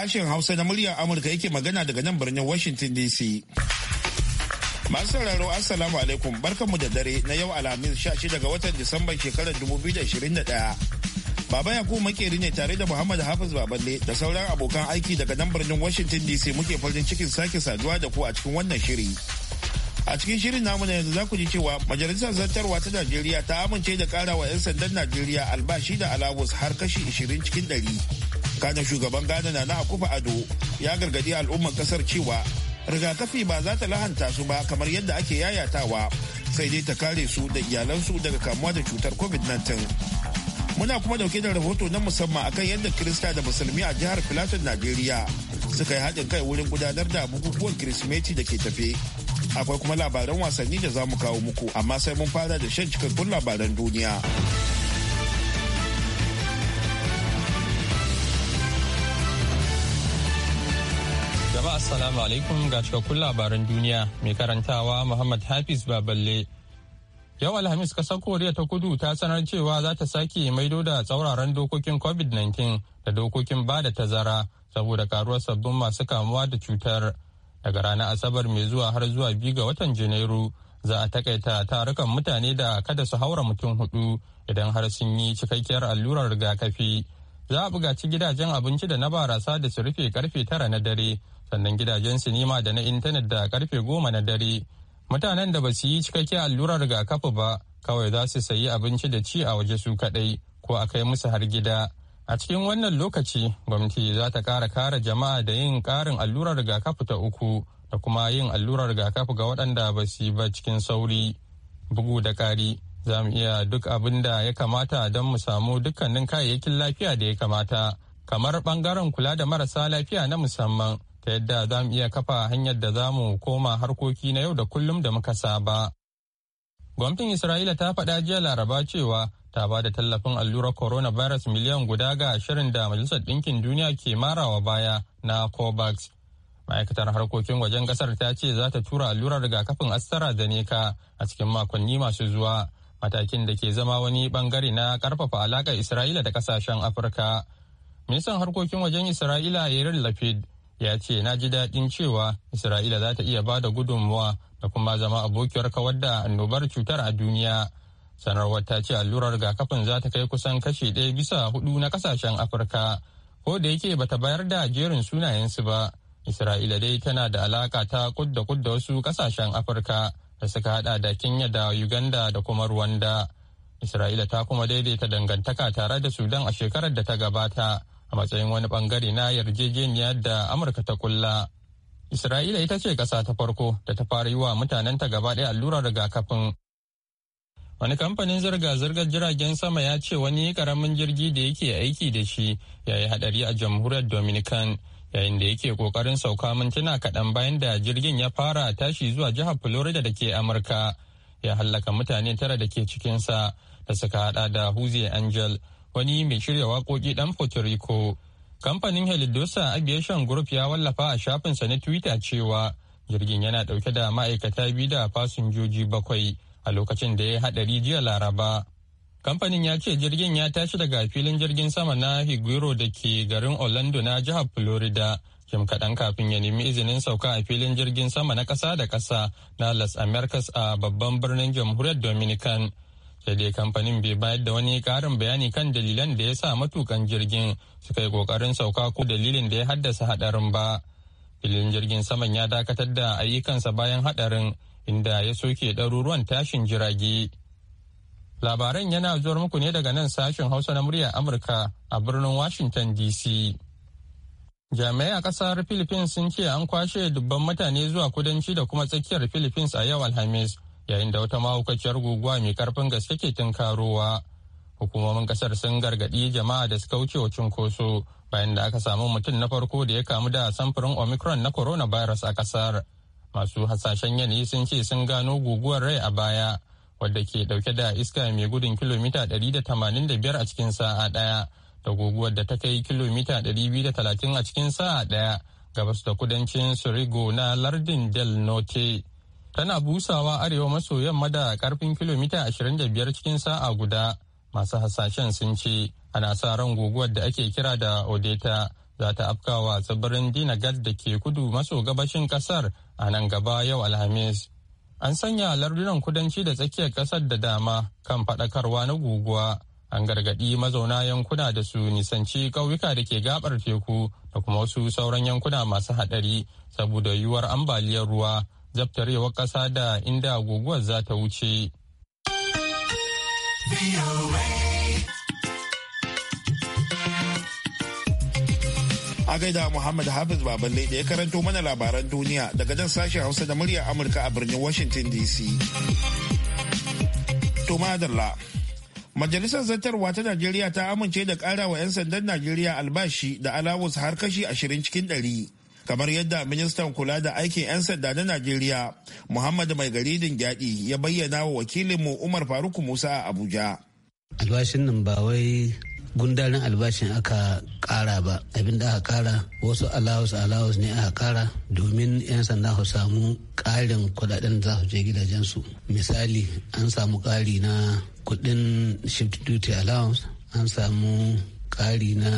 sashen Hausa na muryar Amurka yake magana daga nan birnin Washington DC. Masu sauraro Assalamu alaikum barkanmu da dare na yau Alhamis 16 ga watan Disamba shekarar da da 2021. Baba Yakubu makeri ne tare da Muhammad Hafiz Baballe da sauran abokan aiki daga nan birnin Washington DC muke farin cikin sake saduwa da ku a cikin wannan shiri. a cikin shirin namu na yanzu za ku ji cewa majalisar zartarwa ta najeriya ta amince da karawa 'yan sandan najeriya albashi da alawus har kashi 20 cikin dari. kanin shugaban ghana na akufa ado ya gargadi al'umman kasar cewa rigakafi ba za ta lahanta su ba kamar yadda ake yayatawa sai dai ta kare su da iyalansu daga kamuwa da cutar covid-19 muna kuma dauke da rahoto na musamman akan yadda kirista da musulmi a jihar filatin najeriya suka yi haɗin kai wurin gudanar da bukukuwan kirismeti da ke tafe akwai kuma labaran wasanni da za mu kawo muku amma sai mun fara da shan cikakkun labaran duniya. Jama'a assalamu alaikum ga cikakkun labaran duniya mai karantawa Muhammad Hafiz Baballe. Yau Alhamis kasar Koriya ta kudu ta sanar cewa za ta sake maido da tsauraran dokokin COVID-19 da dokokin ba da tazara saboda karuwar sabbin masu kamuwa da cutar. Daga ranar Asabar mai zuwa har zuwa biyu ga watan Janairu za a takaita tarukan mutane da kada su haura mutum hudu idan har sun yi cikakkiyar allurar rigakafi. Za a bugaci gidajen abinci da na barasa da su rufe karfe tara na dare sannan gidajen sinima da na intanet da karfe goma na dare mutanen da ba su yi cikakke allurar rigakafi ba kawai za su sayi abinci da ci a waje su kaɗai ko a kai musu har gida a cikin wannan lokaci gwamnati za ta kara kara jama'a da yin karin allurar rigakafi ta uku da kuma yin allurar rigakafi ga waɗanda ba su yi ba cikin sauri bugu da ƙari za mu iya duk abin da ya kamata don mu samu dukkanin kayayyakin lafiya da ya kamata kamar ɓangaren kula da marasa lafiya na musamman ta yadda za mu iya kafa hanyar da za mu koma harkoki na yau da kullum da muka saba. Gwamnatin Isra'ila ta faɗa jiya Laraba cewa ta ba da tallafin allurar coronavirus miliyan guda ga shirin da Majalisar Ɗinkin Duniya ke marawa baya na COVAX. Ma'aikatar harkokin wajen ƙasar ta ce za ta tura allurar rigakafin AstraZeneca a cikin makonni masu zuwa, matakin da ke zama wani bangare na ƙarfafa alaƙar Isra'ila da ƙasashen Afirka. Ministan harkokin wajen Isra'ila Yair Lapid ya ce na ji daɗin cewa isra'ila za ta iya ba da gudunmuwa da kuma zama abokiyar kawar da annobar cutar a duniya sanarwar ta ce allurar rigakafin za ta kai kusan kashe ɗaya bisa hudu na kasashen afirka ko da yake bata bayar da jerin sunayensu ba isra'ila dai tana da alaka ta kud da da wasu kasashen afirka da suka hada da kenya da uganda da kuma rwanda isra'ila ta kuma daidaita dangantaka tare da sudan a shekarar da ta gabata a matsayin wani bangare na yarjejeniya da amurka ta kulla isra'ila ita ce kasa ta farko da ta fara yi wa mutanenta gaba ɗaya allurar rigakafin wani kamfanin zirga-zirgar jiragen sama ya ce wani karamin jirgi da yake aiki da shi ya yi hadari a jamhuriyar dominican yayin da yake kokarin sauka mintuna kaɗan bayan da jirgin ya fara tashi zuwa jihar florida da ke amurka ya hallaka mutane tara da ke cikinsa da suka hada da huzi angel wani mai shirya waƙoƙi ɗan Puerto Rico. Kamfanin Helidosa Aviation Group ya wallafa a shafinsa na Twitter cewa jirgin yana ɗauke da ma'aikata biyu da fasinjoji bakwai a lokacin da ya haɗari jiya Laraba. Kamfanin ya ce jirgin ya tashi daga filin jirgin sama na Higuero da ke garin Orlando na jihar Florida. Jim kaɗan kafin ya nemi izinin sauka a filin jirgin sama na ƙasa da ƙasa na Las Americas a babban birnin jamhuriyar Dominican. sai dai kamfanin bai bayar da wani karin bayani kan dalilan da ya sa matukan jirgin suka yi kokarin sauka ko dalilin da ya haddasa hadarin ba filin jirgin saman ya dakatar da ayyukansa bayan hadarin inda ya soke ɗaruruwan tashin jirage labaran yana zuwar muku ne daga nan sashen hausa na murya amurka a birnin washington dc jami'ai a kasar philippines sun ce an kwashe dubban mutane zuwa kudanci da kuma tsakiyar philippines a yau alhamis yayin da wata mahaukaciyar guguwa mai karfin gaske ke tunkarowa hukumomin kasar sun gargadi jama'a da suka wuce wa cunkoso bayan da aka samu mutum na farko da ya kamu da samfurin omicron na coronavirus a kasar masu hasashen yanayi sun ce sun gano guguwar rai a baya wadda ke dauke da iska mai gudun kilomita 185 a cikin sa'a daya da guguwar da ta kai kilomita 230 a cikin sa'a daya gabas da kudancin surigo na lardin del norte tana busawa arewa maso yamma da karfin kilomita 25 cikin sa'a guda masu hasashen sun ce ana sa ran guguwar da ake kira da odeta za ta afkawa tsibirin dinagat da ke kudu maso gabashin kasar a nan gaba yau alhamis an sanya lardunan kudanci da tsakiyar kasar da dama kan fadakarwa na guguwa an gargadi mazauna yankuna da su nisanci ƙauyuka da ke gabar teku da kuma wasu sauran yankuna masu haɗari saboda yiwuwar ambaliyar ruwa zaftarewar ƙasa da inda guguwar za ta wuce. A gaida Muhammad Hafiz Baballe da ya karanto mana labaran duniya daga jan sashen Hausa da murya Amurka a birnin Washington DC. To Majalisar Zartarwa ta Najeriya ta amince da ƙara wa 'yan sandan Najeriya albashi da alawus har kashi ashirin cikin ɗari. kamar yadda ministan kula da aikin 'yan sanda na najeriya muhammadu mai garidin gyaɗi ya bayyana wa wakilinmu umar faruk musa a abuja albashin nan ba wai gundarin albashin aka kara ba abin da aka kara wasu allowance allowance ne aka kara domin 'yan sanda su samu karin kudaden za su je gidajensu misali an samu kari na kudin shift duty allowance an samu kari na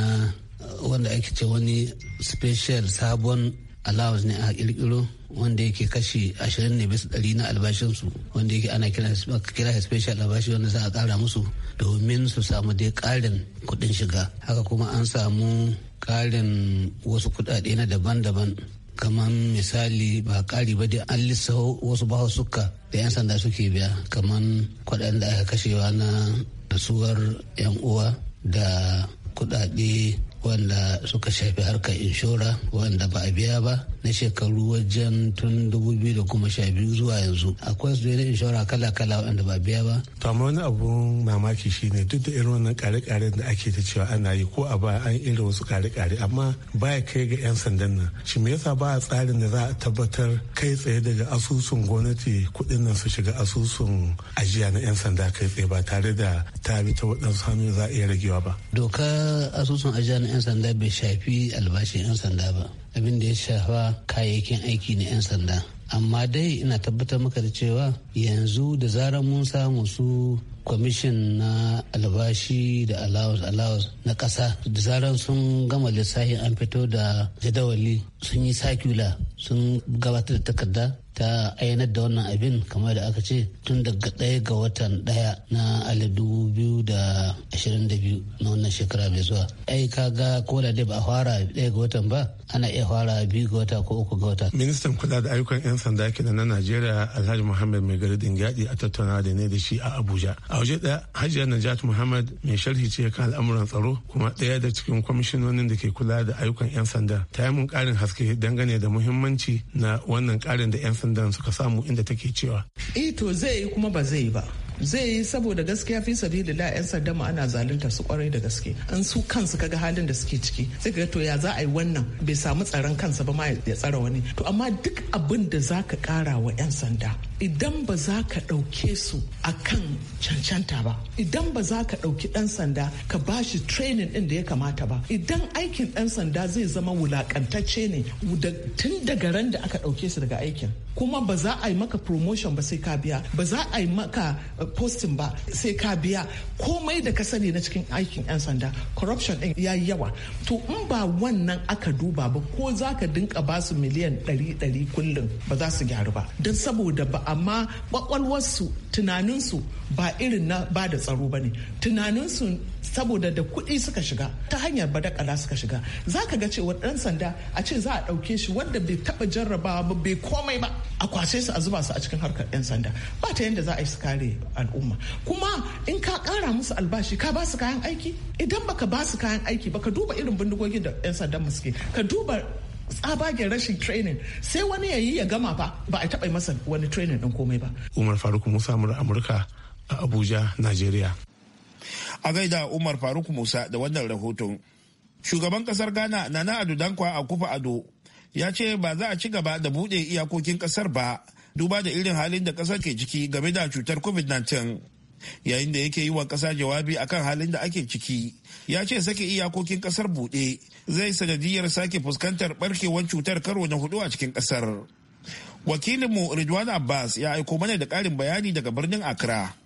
wanda ake ce wani special sabon allowance ne a kirkiro wanda yake kashi 20 ne bisa ɗari na albashinsu wanda yake ana kira special albashi wanda za a kara musu domin su samu dai ƙarin kuɗin shiga haka kuma an samu ƙarin wasu kuɗaɗe na daban-daban kamar misali ba ƙari ba dai an lissa wasu bahausuka da 'yan sanda suke biya kamar kuɗaɗen da aka kashewa na rasuwar 'yan uwa da kuɗaɗe wanda suka shafi harkar inshora wanda ba a biya ba na shekaru wajen tun 2012 zuwa yanzu akwai su na inshora kala-kala wanda ba a biya ba. to wani abun mamaki shine duk da irin wannan kare-kare da ake ta cewa ana yi ko a ba an irin wasu kare-kare amma ba ya kai ga 'yan sandan nan shi me yasa ba a tsarin da za a tabbatar kai tsaye daga asusun gwamnati kuɗin nan su shiga asusun ajiya na 'yan sanda kai tsaye ba tare da ta bi ta waɗansu hannu za a iya ragewa ba. doka asusun ajiya na 'yan sanda bai shafi albashin 'yan sanda ba abin da ya shafa kayayyakin aiki na 'yan sanda amma dai ina tabbatar maka da cewa yanzu da zarar mun samu su kwamishin na albashi da allowance allowance na kasa da zarar sun gama lissafi an fito da jadawali sun yi sakula sun gabatar da takarda ta ainihin da wannan abin kamar da aka ce tun daga ɗaya ga watan ɗaya na alidu biyu da ashirin da biyu na wannan shekara mai zuwa ai ga ko da dai ba a fara ɗaya ga watan ba ana iya fara biyu ga wata ko uku ga wata. ministan kula da ayyukan 'yan sanda kenan na najeriya alhaji muhammad mai gari gadi a tattauna da ne da shi a abuja a waje ɗaya hajiya najat muhammad mai sharhi ce kan al'amuran tsaro kuma ɗaya da cikin kwamishinonin da ke kula da ayyukan 'yan sanda ta yi mun ƙarin haske dangane da muhimmanci na wannan ƙarin da 'yan sanda sandan suka samu inda take cewa eh to zai yi kuma ba zai yi ba zai yi saboda gaskiya fi da yan sanda mu ana zalunta su kwarai da gaske an su kansu kaga halin da suke ciki sai ga to ya za a yi wannan bai samu tsaron kansa ba ma ya tsara wani to amma duk abin da za ka kara wa yan sanda idan ba za ka ɗauke su a kan cancanta ba idan ba za ka ɗauki ɗan sanda ka ba shi training ɗin da ya kamata ba idan aikin ɗan sanda zai zama wulakantacce ne tun daga ran da aka ɗauke su daga aikin kuma ba za a yi maka promotion ba sai ka biya ba za a yi maka postin ba sai ka biya komai da ka sani na cikin aikin 'yan sanda corruption din ya yi yawa to in ba wannan aka duba ba ko za ka dinka ba su miliyan 100 kullum ba za su gyaru ba don saboda ba amma kwakwalwarsu tunaninsu ba irin na ba da tsaro ba ne tunaninsu saboda da kuɗi suka shiga ta hanyar badakala suka shiga za ka ga cewa ɗan sanda a ce za a ɗauke shi wanda bai taɓa jarrabawa ba bai komai ba a kwashe su a zuba su a cikin harkar ɗan sanda ba ta yadda za a yi su kare al'umma kuma in ka ƙara musu albashi ka ba su kayan aiki idan baka ba su kayan aiki ba ka duba irin bindigogin da 'yan sanda mu suke ka duba tsabagen rashin training sai wani ya yi ya gama ba ba a taɓa masa wani training ɗin komai ba umar faruk musa amurka a abuja nigeria A gaida Umar Faruk Musa da wannan rahoton. Shugaban kasar Ghana na Ado Dankwa a kufa Ado ya ce ba za a ci gaba da bude iyakokin kasar ba duba da irin halin da kasar ke ciki game da cutar COVID-19. Yayin da yake yi wa kasa jawabi akan halin da ake ciki, ya ce sake iyakokin kasar buɗe zai sanadiyar sake fuskantar barkewar cutar karo na hudu a cikin kasar. Wakilinmu Ridwan Abbas ya aiko mana da ƙarin bayani daga birnin Accra.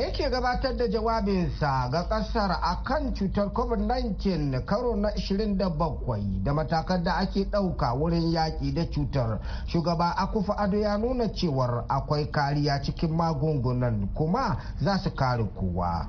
yake gabatar da jawabinsa ga kasar a kan cutar covid-19 karo na 27 da matakan da ake ɗauka wurin yaƙi da cutar shugaba akufa ado ya nuna cewar akwai kariya cikin magungunan kuma za su kare kowa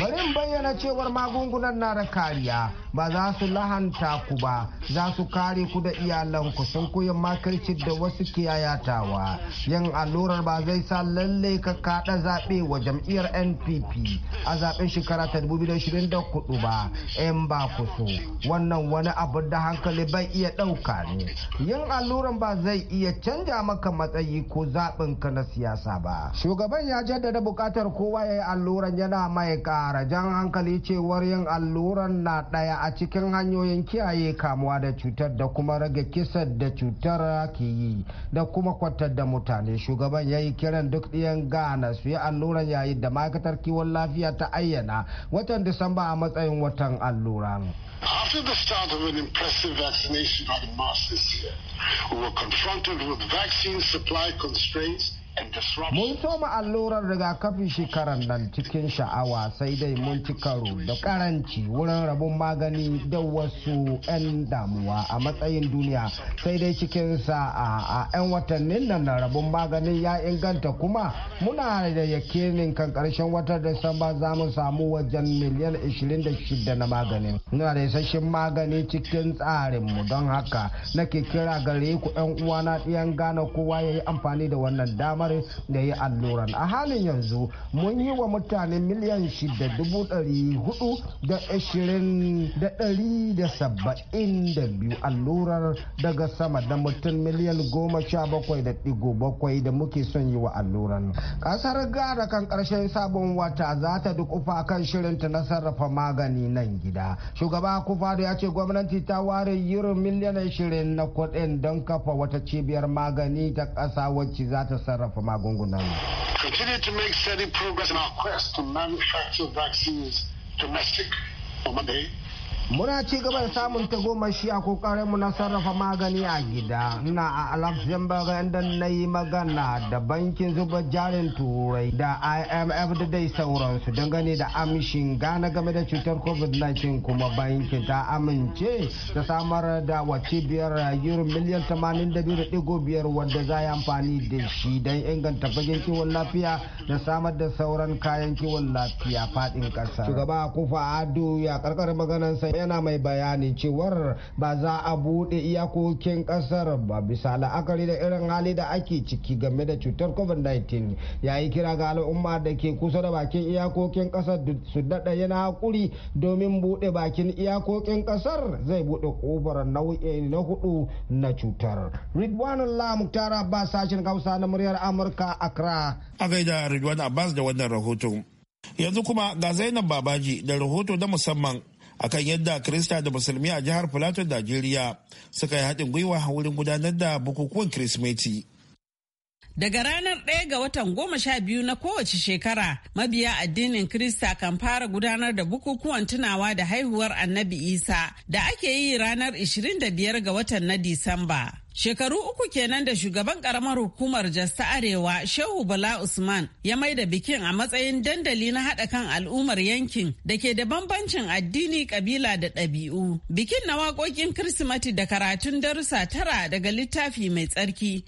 bari bayyana cewar magungunan na da kariya ba za su lahanta ku ba za su kare ku da iyalanku sun koyi makarci da wasu ke kiyayatawa yin allurar ba zai sa lalle ka kada zaɓe wa jam'iyyar npp a zaɓen shekara ta 2024 ba in ba ku so wannan wani abu da hankali bai iya ɗauka ne yin alluran ba zai iya canja maka matsayi ko zaɓin ka na siyasa ba shugaban ya jaddada buƙatar kowa ya yi alluran yana mai ƙara jan hankali cewar yin alluran na ɗaya a a cikin hanyoyin kiyaye kamuwa da cutar da kuma rage kisar da cutar ke yi da kuma kwatar da mutane shugaban ya yi kiran duk ɗiyan gana su yi alluran yayin da ma'aikatar kiwon lafiya ta ayyana watan disamba a matsayin watan allura After the start of an impressive vaccination by the masses here, we were confronted with vaccine supply constraints Mun soma allurar rigakafin shekarar nan cikin sha'awa sai dai mun ci karo da karanci wurin rabin magani da wasu 'yan damuwa a matsayin duniya sai dai cikin sa'a a 'yan watannin nan na rabin maganin ya inganta kuma muna da yakinin kan karshen watan Disamba za mu samu wajen miliyan 26 na maganin. Muna da isasshen magani cikin tsarinmu don haka nake kira gare ku 'yan uwana ɗiyan gane kowa ya yi amfani da wannan damar da ya alluran a halin yanzu mun yi wa mutane miliyan shida dubu ɗari hudu da ashirin da ɗari da saba'in da biyu allurar daga sama da mutum miliyan goma sha bakwai da ɗigo bakwai da muke son yi wa alluran Kasar gara kan karshen sabon wata za ta dukufa kan shirin ta na sarrafa magani nan gida shugaba kufado ya ce gwamnati ta ware yiro miliyan ashirin na kuɗin don kafa wata cibiyar magani ta ƙasa wacce za ta sarrafa Continue to make steady progress in our quest to manufacture vaccines domestic. Muna ci gaba da samun tagomashi a kokarinmu na sarrafa magani a gida. Na a Alexander inda na yi magana da bankin zuba jarin turai da IMF da dai sauransu dangane da amshin gane game da cutar COVID-19 kuma bankin ta amince ta samar da wace biyar euro miliyan 82.5 wadda za yi amfani da shi don inganta fagen kiwon lafiya da samar da sauran kayan kiwon lafiya faɗin ƙasa. Shugaba Kufa Ado ya karkar maganansa yana mai bayani cewar ba za a bude iyakokin kasar ba bisa la'akari da irin hali da ake ciki game da cutar covid-19 yi kira ga al'umma da ke kusa da bakin iyakokin ƙasar su daɗa yana hakuri domin bude bakin iyakokin kasar zai bude ƙofar nau'i na hudu na cutar ridwanullah muktara ba sashen hausa na muryar amurka accra a gaida ridwan abbas da wannan rahoton yanzu kuma ga zainab babaji da rahoto na musamman akan yadda Krista da Musulmi a jihar Filato Najeriya suka yi haɗin gwiwa wurin gudanar da bukukuwan kirismeti. Daga ranar 1 ga watan goma sha biyu na kowace shekara, mabiya addinin Krista kan fara gudanar da bukukuwan tunawa da haihuwar Annabi Isa da ake yi ranar 25 ga watan na Disamba. Shekaru uku kenan da shugaban karamar hukumar Jasta ta Arewa Shehu Bala Usman ya maida bikin a matsayin dandali na haɗa kan al'ummar yankin da ke da bambancin addini, ƙabila da ɗabi'u. Bikin na waƙoƙin Kirsimati da karatun darussa tara daga littafi mai tsarki.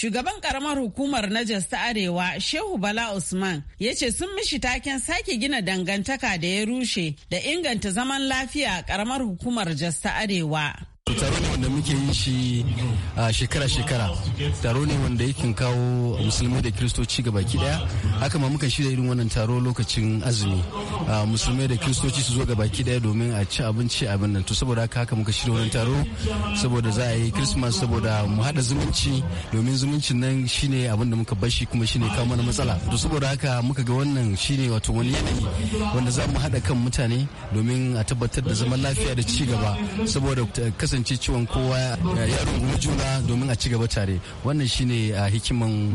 Shugaban karamar hukumar Najas ta Arewa, Shehu Bala Usman, ya ce sun mishi taken sake gina dangantaka da ya rushe da inganta zaman lafiya a karamar hukumar Jas ta Arewa. muke yin shi a shekara-shekara taro ne wanda yakin kawo musulmai da kiristoci ga baki daya haka ma muka shirya irin wannan taro lokacin azumi musulmai da kiristoci su zo ga baki daya domin a ci abinci abin nan to saboda haka haka muka shirya wannan taro saboda za a yi christmas saboda mu hada zumunci domin zumuncin nan shine abin da muka bashi kuma shine kawo mana matsala to saboda haka muka ga wannan shine wato wani yanayi wanda za mu hada kan mutane domin a tabbatar da zaman lafiya da ci gaba saboda kasance ciwon kowa kowa ya rungumi juna domin a ci gaba tare wannan shine hikiman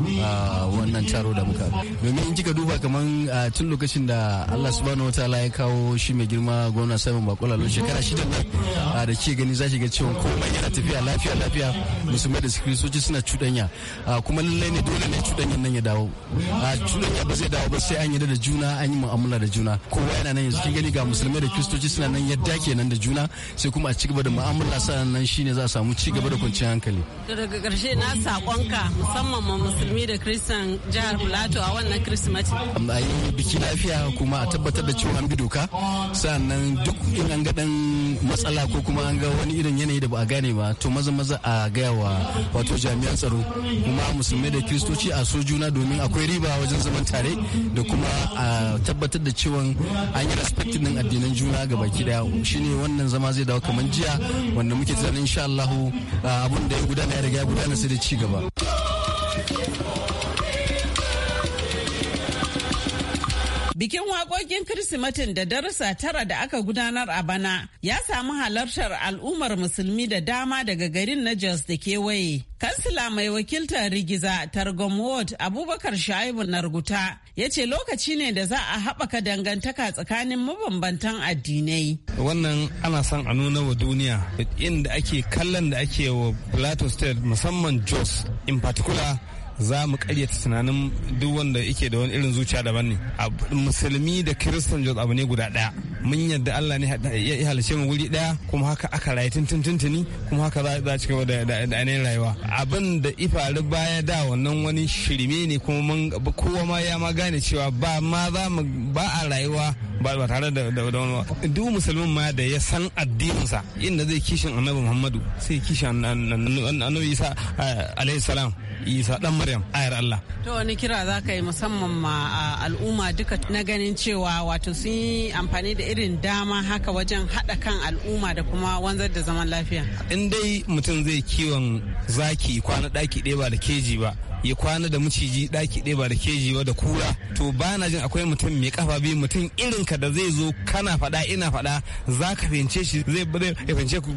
wannan taro da muka domin in kika duba kamar tun lokacin da Allah subhanahu wataala ya kawo shi mai girma gwamna Simon Bakola lo shekara shida nan da ke gani za shi ga cewa komai yana tafiya lafiya lafiya musulmai da kiristoci suna cuɗanya kuma lallai ne dole ne cuɗanyan nan ya dawo cuɗanya ba zai dawo ba sai an yadda da juna an yi mu'amala da juna kowa yana nan yanzu kin gani ga musulmai da kiristoci suna nan yadda kenan da juna sai kuma a ci gaba da mu'amala sanan nan shine za za a samu ci gaba da kwanciyar hankali. daga ƙarshe na saƙonka musamman ma musulmi da kristan jihar bulato a wannan kirsimati. a yi biki lafiya kuma a tabbatar da cewa an bi doka sannan duk in an ga dan matsala ko kuma an ga wani irin yanayi da ba a gane ba to maza maza a gaya wa wato jami'an tsaro kuma musulmai da kiristoci a so juna domin akwai riba wajen zaman tare da kuma a tabbatar da cewa an yi respect din addinan juna ga baki daya shine wannan zama zai dawo kamar jiya wanda muke tunanin insha Allah abun da ya gudana ya riga ya gudana sai da ci gaba. Bikin waƙoƙin Kirsimetin da darussa tara da aka gudanar a bana ya samu halartar al'ummar musulmi da dama daga garin na Jos da kewaye. Kansila mai wakiltar Rigiza Targom Ward Abubakar Shaibu Narguta ya ce lokaci ne da za a haɓaka dangantaka tsakanin mabambantan addinai. Wannan ana son a nuna wa duniya inda ake kallon da ake wa Plateau State musamman Jos in particular za mu karyata tunanin duk wanda yake da wani irin zuciya daban ne musulmi da kiristan jos abu ne guda daya mun yadda allah ne ya halice mu wuri daya kuma haka aka rayu tuntuni kuma haka za a ci gaba da ainihin rayuwa abin da ifari baya da wannan wani shirme ne kuma mun kowa ma ya ma gane cewa ba ma za mu ba a rayuwa ba ba tare da da wani duk musulmin ma da ya san addininsa inda zai kishin annabi muhammadu sai kishin annabi isa alaihi salam isa dan maryam maryam ayar allah to wani kira za ka yi musamman ma al'umma duka na ganin cewa wato sun yi amfani da irin dama haka wajen haɗa kan al'umma da kuma wanzar da zaman lafiya in dai mutum zai kiwon zaki kwana ɗaki ɗaya ba da keji ba ya kwana da maciji daki ɗaya ba da keji ba da kura to bana jin akwai mutum mai kafa biyu mutum irin ka da zai zo kana faɗa ina faɗa za ka fahimce shi zai fahimce ku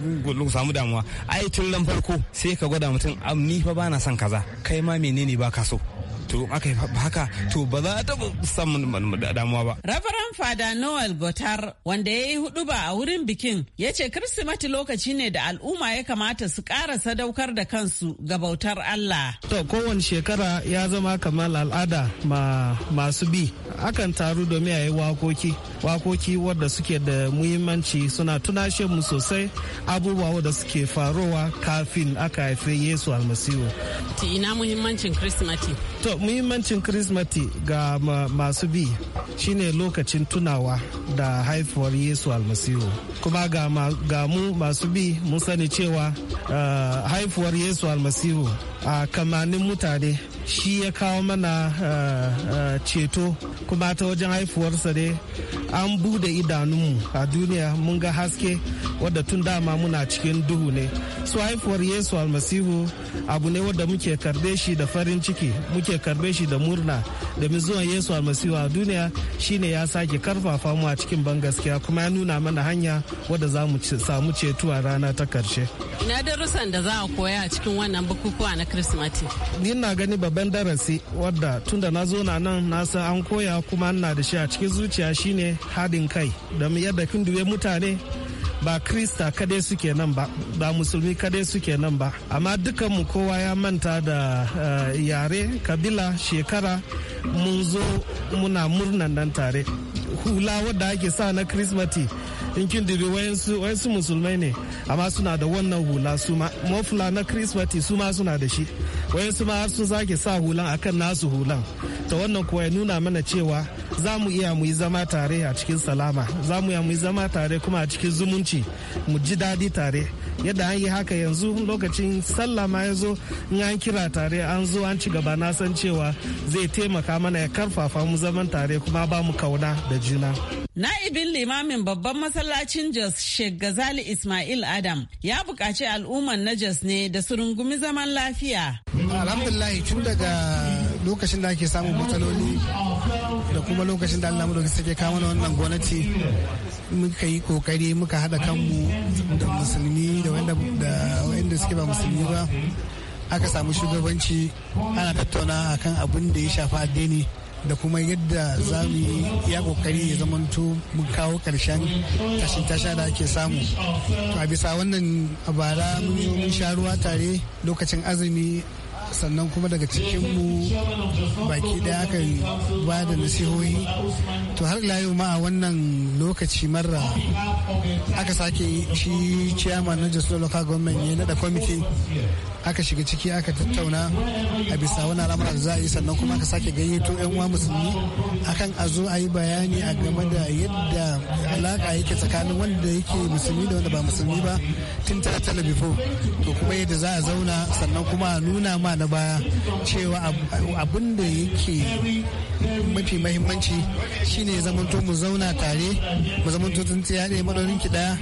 samu damuwa ai tun ran farko sai ka gwada mutum am ni fa bana son kaza kai ma me menene ba ka so to aka yi haka to ba za ta samun damuwa ba. Rabaran Fada Noel Gotar wanda ya yi hudu ba a wurin bikin ya ce Kirsimati lokaci ne da al'umma ya kamata su ƙara sadaukar da kansu ga bautar Allah. To kowane shekara ya zama kamar al'ada masu bi akan taru domin a yi wakoki wakoki wadda suke da muhimmanci suna tunashe mu sosai abubuwa wadda suke farowa kafin aka haife Yesu almasihu. Ti ina muhimmancin Kirsimeti? To muhimmancin Christmas ga masu bi shine lokacin tunawa da haifuwar yesu almasihu kuma ga mu masu bi mun sani cewa eh, haifuwar yesu almasihu a kamanin mutane shi ya kawo mana eh, eh, ceto kuma ta wajen haifuwarsa ne an bude idanunmu a duniya mun ga haske wadda tun dama muna cikin duhu ne su haifuwar yesu almasihu abu ne wadda muke karbe shi da farin ciki muke karbe shi da murna da zuwan yesu almasihu a duniya shine ya sake karfafa mu a cikin ban gaskiya kuma ya nuna mana hanya wadda za mu samu cetuwa rana ta karshe. Ina darussan da za a koya a cikin wannan bukukuwa na Kirsimati. Ni na gani babban darasi wadda tun da na zo na nan na san an koya kuma na da shi a cikin zuciya shine haɗin kai da yadda kunduwe mutane ba krista kadai suke nan ba ba musulmi kadai suke nan ba amma dukanmu kowa ya manta da eh, yare kabila shekara mun zo muna murnan nan tare hula wadda ake sa na krismati in kin diri wayansu wayansu musulmai ne amma suna da wannan hula su ma mafula na krismati su ma suna da shi wayansu ma har sun sake sa hulan akan nasu hulan ta wannan kuwa ya nuna mana cewa za mu iya mu yi zama tare a cikin salama za mu iya mu yi zama tare kuma a cikin zumunci mu ji daɗi tare yadda an yi haka yanzu lokacin sallah ma ya zo in an kira tare an zo an ci gaba na san cewa zai taimaka mana ya karfafa mu zaman tare kuma ba mu kauna da juna Na'ibin limamin babban masallacin Jos Sheikh Gazali Ismail Adam ya buƙaci al'ummar na Jos ne da su rungumi zaman lafiya. Alhamdulillah tun daga lokacin da ake samun matsaloli da kuma lokacin da allah madauki suke kama na wannan gwamnati muka yi kokari muka haɗa kanmu da musulmi da wanda suke ba musulmi ba aka samu shugabanci ana tattauna a kan abin da ya shafa addini da kuma yadda za mu yi ya kokari ya zamanto mu kawo karshen tashin tasha da ake samu to a bisa wannan bara mun sha ruwa tare lokacin azumi sannan kuma daga cikinmu baki daya aka ba da nasihohi to har layu ma a wannan lokaci marra aka sake shi chairman na da local government ya nada kwamiti aka shiga ciki aka tattauna a bisa wani al'amura da za a yi sannan kuma aka sake gayyato yan uwa musulmi akan a zo a yi bayani a game da yadda alaka yake tsakanin wanda yake musulmi da wanda ba musulmi ba tun tara before to kuma yadda za a zauna sannan kuma a nuna ma na baya cewa abin da yake mafi mahimmanci shine ya zamanto mu zauna tare mu zamanto tsintsiya ne madaurin ki daya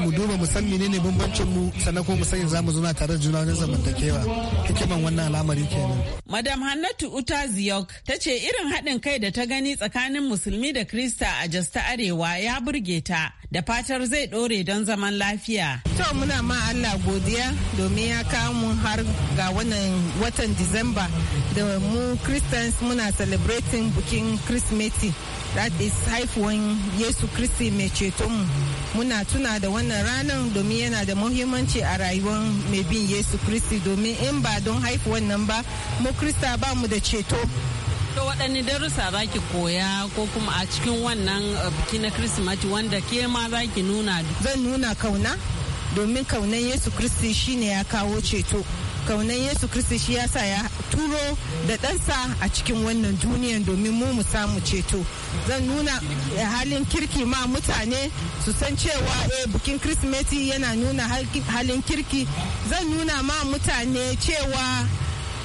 mu duba mu san menene bambancin mu sannan ko mu san za mu zauna tare da juna wajen zamantakewa hikiman wannan al'amari kenan. madam hannatu uta ziyok ta ce irin haɗin kai da ta gani tsakanin musulmi da krista a jasta arewa ya burge ta da fatar zai dore don zaman lafiya. To muna ma Allah godiya domin ya kamu har ga wannan watan Disamba da mu Christians muna celebrating bukin Kirsimeti. That is haifuwan Yesu Kristi mai cetonmu. Muna tuna da wannan ranar domin yana da muhimmanci a rayuwar mai bin Yesu Kristi domin in ba don haifuwan nan ba, mu Krista ba mu da ceto. To waɗanne darussa za ki koya ko kuma a cikin wannan eh, biki na Kirsimati wanda ke ma za ki nuna? Zan nuna kauna domin kaunan Yesu shi shine ya kawo ceto. Kaunan Yesu kristi shi ya sa ya turo da ɗansa a cikin wannan duniyan domin mu mu samu ceto. Zan nuna eh, halin kirki ma mutane su san cewa eh bikin Kirsimeti yana nuna halin kirki. Zan nuna ma mutane cewa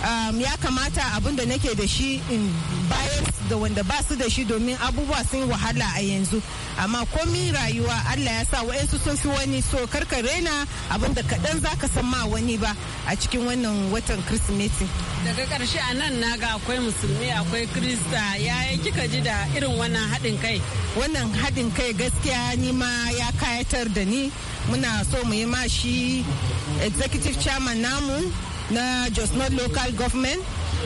Um, ya kamata abin da nake da shi in bayar da wanda ba su da shi domin abubuwa sun wahala a yanzu amma komi rayuwa Allah ya sa wa'yansu sun fi wani so karka rena abin da kaɗan za ka san ma wani ba a cikin wannan watan kirsimeti daga karshe a nan na ga akwai musulmi akwai krista ya kika ji da irin wannan haɗin kai wannan haɗin kai gaskiya ni ma ya kayatar da ni muna so mu yi ma shi executive chairman namu na Jos Local Government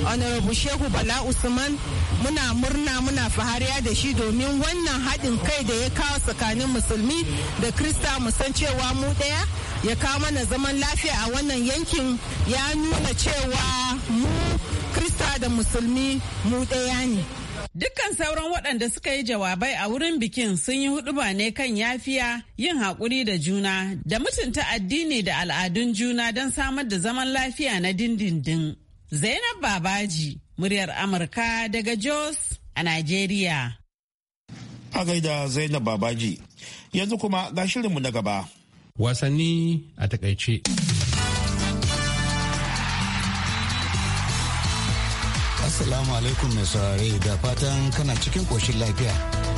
Honorable Shehu Bala Usman muna murna muna fahariya da shi domin wannan haɗin kai da ya kawo tsakanin musulmi da Krista musan cewa mu ɗaya ya kawo mana zaman lafiya a wannan yankin ya nuna cewa mu Krista da musulmi mu ɗaya ne. Dukkan sauran waɗanda suka yi jawabai a wurin bikin sun yi huduba ne kan yafiya, yin haƙuri da juna, da mutunta addini da al'adun juna don samar da zaman lafiya na dindindin. Zainab Babaji, muryar Amurka daga Jos a Najeriya. A gaida Zainab Babaji, yanzu kuma ga shirinmu na gaba. Wasanni a takaice. Assalamu alaikum mai saurare da fatan kana cikin koshin lafiya.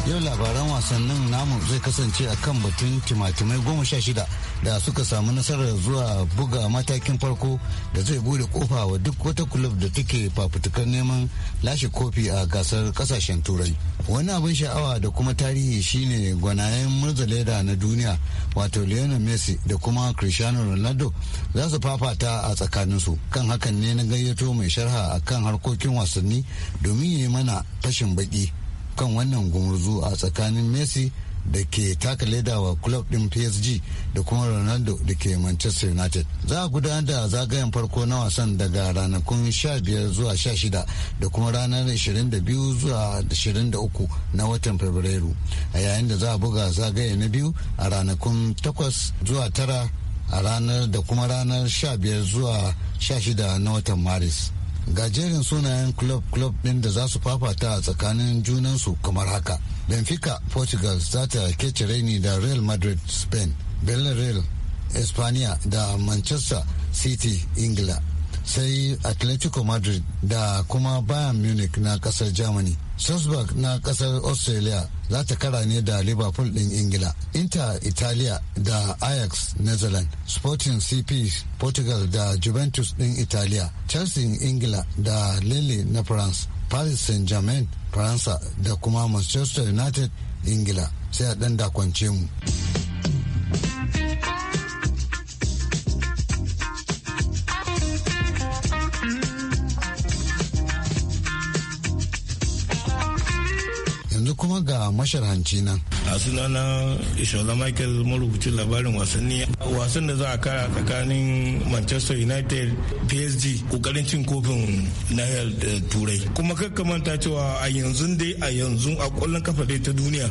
Yau labaran wasannin namu zai kasance a kan batun timatimai goma sha shida da suka samu nasarar zuwa buga matakin farko da zai bude kofa wa duk wata kulub da take fafutukar neman lashe kofi a gasar kasashen turai. Wani abin sha'awa da kuma tarihi shine gwanayen murza leda na duniya wato Lionel Messi da kuma Cristiano Ronaldo za su fafata a tsakaninsu. Kan hakan ne na gayyato mai sharha akan harkokin wasa wasanni domin ya yi mana fashin baki kan wannan gumurzu a tsakanin messi da ke taka leda wa club din psg da kuma ronaldo da ke manchester united za a gudanar da zagayen farko na wasan daga ranakun 15 zuwa 16 da kuma ranar 22 zuwa 23 na watan fabrairu a yayin da za a buga zagaye na biyu a ranakun 8 zuwa 9 a ranar da kuma ranar 15 zuwa 16 na watan maris ga sunayen club club din da za su fafata a tsakanin junansu kamar haka benfica portugal za ta kece raini da real madrid spain villarreal espania da manchester city ingila sai atletico madrid da kuma bayern munich na kasar germany salzburg na kasar australia za ta kara ne da liverpool din ingila inter italia da ajax netherlands sporting cp portugal da juventus din italia chelsea ingila da lille na france paris saint-germain faransa da kuma manchester united ingila sai a dan dakwance mu. kuma ga masharhanci nan. A sunana Ishola Michael marubucin labarin wasanni. Wasan da za a kara tsakanin Manchester United PSG kokarin cin kofin nahiyar eh, turai. Kuma kakkamanta cewa a yanzu dai a yanzu a kwallon kafa dai ta duniya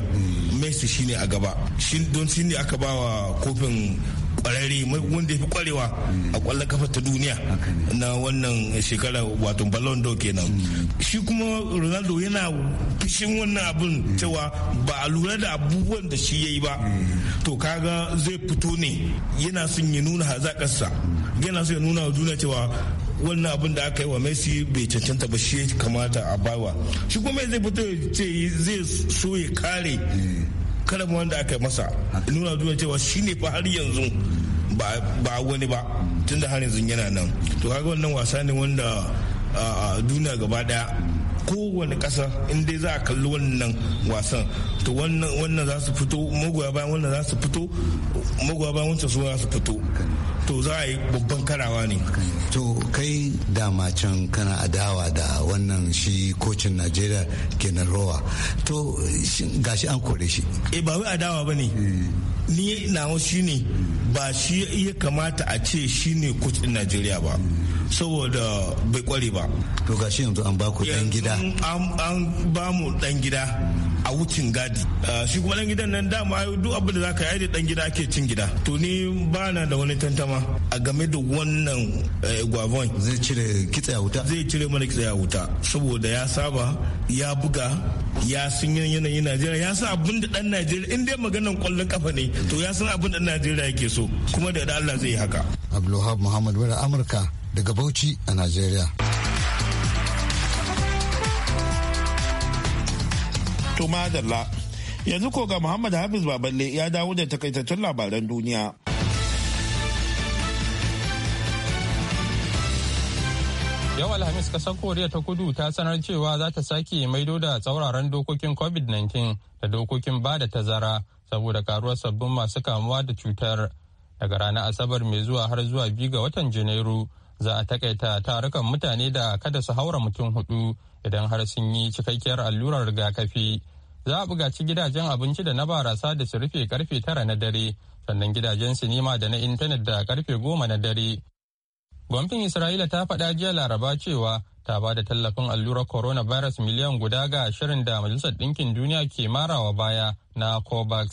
Messi shine a gaba. Don shine aka bawa kofin mai wanda ya fi kwarewa a kwallon kafa ta duniya na wannan shekara wato ballon d'or kenan mm. shi kuma ronaldo yana fishin wannan abun mm. cewa ba a lura da abubuwan da shi ya yi ba mm. to kaga zai fito ne yana son ya nuna hazakarsa yana son ya nuna wa duniya cewa wannan abin da aka yi wa messi bai cancanta ba shi kamata a bawa shi kuma zai fito ya ce zai so ya kare kalamin wanda aka masa nuna duniya cewa shi ne fa har yanzu ba wani ba tunda har yanzu yana nan to kaga wannan wasa ne wanda duniya gaba daya kowane ƙasa in dai za a kalli wannan wasan to wannan za su fito magoya bayan wannan za su fito magoya bayan wancan su za su fito to za a yi babban karawa ne to kai dama can kana adawa da wannan shi kocin najeriya kenan rowa to gashi an kore shi e ba wai adawa ba ne eh. ni na shi ne ba shi ya kamata a ce shi ne kucin najeriya ba saboda bai kware ba to shi yanzu an ba ku dan gida an ba mu dan gida a wucin gadi ah, shi kuma dan gidan nan dama duk abin da za ka yi dan gida ake cin gida to ni ba na da wani tantama a game da wannan eh, guavon zai cire kitse a wuta zai cire mana kitse a wuta saboda ya saba ya buga ya sun yanayi najeriya ya san abin da dan najeriya in dai maganan kwallon kafa ne to ya san abin da najeriya yake so kuma da allah zai yi haka abdulwahab muhammad wani amurka daga bauchi a najeriya To madalla yanzu ko ga Muhammad Hafiz Baballe ya dawo da takaitattun labaran duniya. Yau Alhamis kasar Koriya ta kudu ta sanar cewa za ta sake maido da tsauraran dokokin COVID-19 da dokokin ba da tazara saboda karuwar sabbin masu kamuwa da cutar. Daga ranar Asabar mai zuwa har zuwa biyu ga watan Janairu za a takaita tarukan mutane da kada su haura mutum hudu idan har sun yi cikakkiyar allurar rigakafi za a bugaci gidajen abinci da na barasa da su rufe karfe tara na dare sannan gidajen sinima da na intanet da karfe goma na dare gwamnatin isra'ila ta faɗa jiya laraba cewa ta ba da tallafin allurar corona virus miliyan guda ga shirin da majalisar ɗinkin duniya ke marawa baya na covax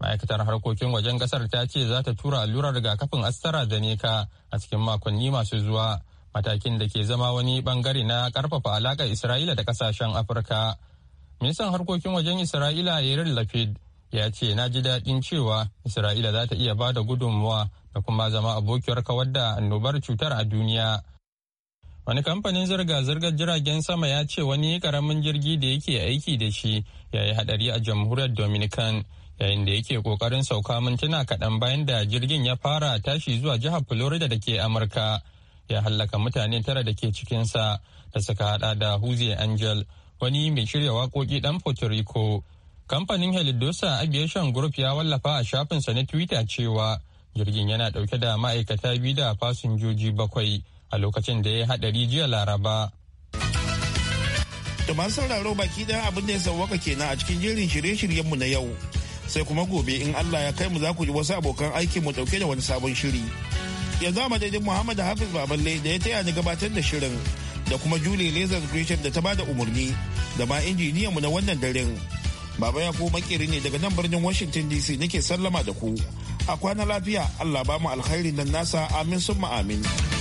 ma'aikatar harkokin wajen ƙasar ta ce za ta tura allurar rigakafin da neka a cikin makonni masu zuwa matakin da ke zama wani bangare na karfafa alaƙar isra'ila da kasashen afirka ministan harkokin wajen isra'ila Yerin lafid ya ce na ji daɗin cewa isra'ila za ta iya ba da gudunmuwa da kuma zama abokiyar kawar da annobar cutar a duniya wani kamfanin zirga-zirgar jiragen sama ya ce wani karamin jirgi da yake aiki da shi ya yi hadari a jamhuriyar dominican yayin da yake kokarin sauka mintuna kaɗan bayan da jirgin ya fara tashi zuwa jihar florida da ke amurka ya hallaka mutane tara da ke cikinsa da suka hada da huzie angel wani mai shirya waƙoƙi dan puerto rico kamfanin helidosa aviation group ya wallafa a shafinsa na twitter cewa jirgin yana dauke da ma'aikata biyu da fasinjoji bakwai a lokacin da ya hadari jiya laraba da masu sauraro baki ɗaya abin da ya sauwaka kenan a cikin jerin shirye-shiryenmu na yau sai kuma gobe in allah ya kai mu za ku ji wasu abokan aikinmu dauke da wani sabon shiri yanzu a madadin muhammad hafiz baballe da ya taya ni gabatar da shirin da kuma julie Lazarus gresham da ta da umarni da ma mu na wannan daren baba ya ko makeri ne daga nan birnin washington dc nake sallama da ku a kwana lafiya allah ba mu alkhairi nan nasa amin summa amin